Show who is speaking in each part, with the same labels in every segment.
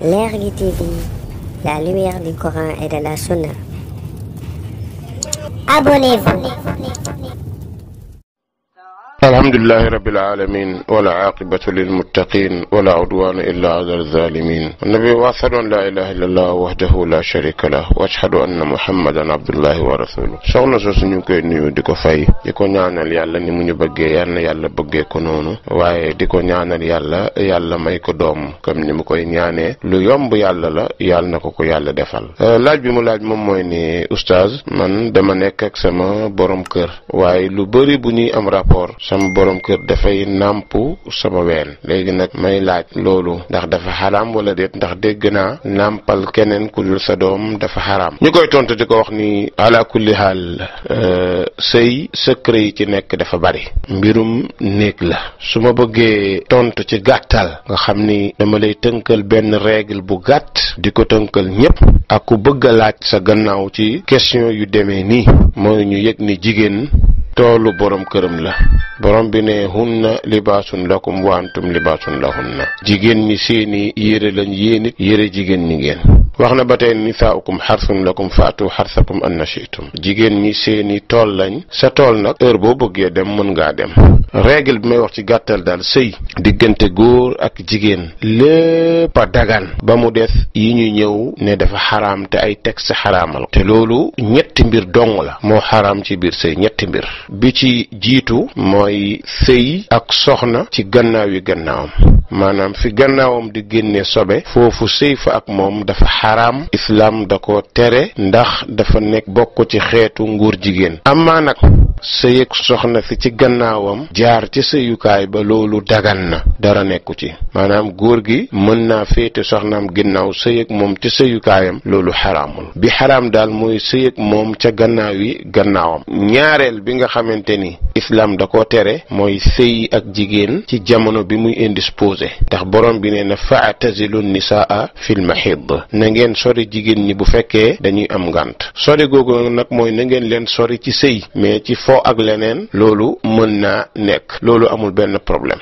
Speaker 1: L'Ergue TV, la lumière du Coran et de la Sunna. Abonnez-vous. الحمد لله رب العالمين ولا عاقبة للمتقين ولا عدوان إلا على الظالمين النبي واصل لا إله إلا الله وحده لا شريك له وأشهد أن محمدا عبد الله ورسوله شغل سوس نيوكي نيو ديكو فاي يكو نعنا ليالا نمو نبقى يانا يالا بقى كنونو واي ديكو نعنا ليالا يالا ما يكو دوم كم نمو كوي لو يوم بو يالا لا يالا نكو كو يالا دفال لاج بمو لاج مموي ني أستاذ من دمانيك اكسما بروم كر واي لو بري بني أم sama kër dafay nàmpu sama ween léegi nag may laaj loolu ndax dafa xaraam wala déet ndax dégg naa nàmpal keneen ku sa doom dafa xaraam ñu koy tontu di ko wax ni ala kulli xaal euh, sëy secret yi ci nekk dafa bari mbirum néeg la su ma bëggee tontu ci gàttal nga xam ni dama lay tënkal benn règle bu gàtt di ko tënkal ñépp ak ku bëgg laaj sa gannaaw ci question yu demee nii mooy ñu yëg ni jigéen toolu borom këram la borom bi ne hunna libaasun lakum wa antum libaasun lahunna jigéen ñi seeni yére lañ yéen yére jigéen ñi ngeen wax na ba tey nisaaukum xarsun lakum faatu xarsakum anna shiitum jigéen ñi seeni tool lañ sa tool nag heure boo bëggee dem mën ngaa dem règle bi may wax ci gàttal daal sëy diggante góor ak jigéen lépp a ba mu des yi ñu ñëw ne dafa xaraam te ay texte xaraamal te loolu ñetti mbir dong la moo xaram ci biir sëy ñetti mbir bi ci jiitu mooy sëy ak soxna ci gannaaw yi gannaawam maanaam fi gannaawam di génne sobe foofu sëy fa ak moom dafa araam islaam da ko tere ndax dafa nekk bokk ci xeetu nguur jigéen amaa nag sëyeg soxna si ci gannaawam jaar ci sëyukaay ba loolu dagan na dara nekku ci maanaam góor gi mën naa féete soxnaam ginnaaw sëy ak moom ca sëyukaayam loolu xaraamul bi xaraam daal mooy sëy ak moom ca gannaaw yi gannaawam ñaareel bi nga xamante ni islam da ko tere mooy sëy ak jigéen ci jamono bi muy indisposé ndax borom bi nee na faatazilu nisaa fil mahid na ngeen sori jigéen ñi bu fekkee dañuy am ngànt sori googu nag mooy na ngeen leen sori ci sëy mais ci foo ak leneen loolu mën naa nekk loolu amul benn problème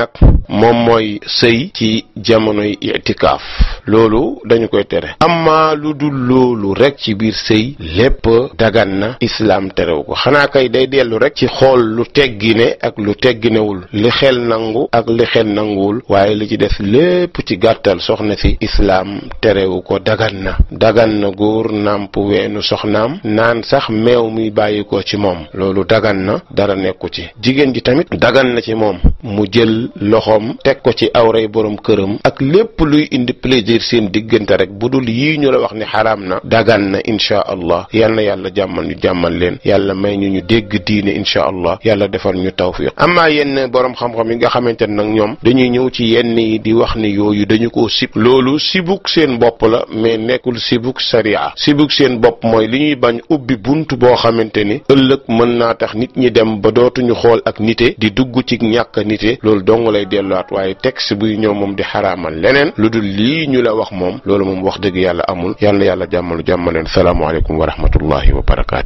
Speaker 1: nag moom mooy sëy ci jamonoy itikaaf loolu dañu koy tere amma lu dul loolu rekk ci biir sëy lépp dagan na islaam terewu ko xanaa kay day dellu rek ci xool lu teggine ak lu tegginewul li xel nangu ak li xel nanguwul waaye li ci des lépp ci gàttal soxna fi islaam terewu ko dagan na dagan na góor nàmp weenu soxnaam naan sax meew mi bàyyi ko ci moom loolu dagan na dara nekku ci jigéen ji tamit dagan na ci moom mu jël loxoom teg ko ci awray borom këram ak lépp luy indi plaisir seen diggante rek bu dul yii ñu la wax ni xaraam na dagaan na incha allah yal na yàlla jàmmal ñu jàmmal leen yàlla may ñu ñu dégg diine incha allah yàlla defal ñu am amaa yenn borom xam-xam yi nga xamante ne nag ñoom dañuy ñëw ci yenn yi di wax ni yooyu dañu ko sib loolu sibuk seen bopp la mais nekkul sibuk sariya sibuk seen bopp mooy li ñuy bañ ubbi bunt boo xamante ni ëllëg mën naa tax nit ñi dem ba dootuñu xool ak nite di dugg ci ñàkk nite loolu dong lay delluwaat waaye texte buy ñëw moom di xaraamal leneen lu dul lii ñu la wax moom loolu moom wax dëgg yàlla amul yàlla yàlla jàmmalu jàmmaleen salaamualeykum wa rahmatullahi wa barakaatu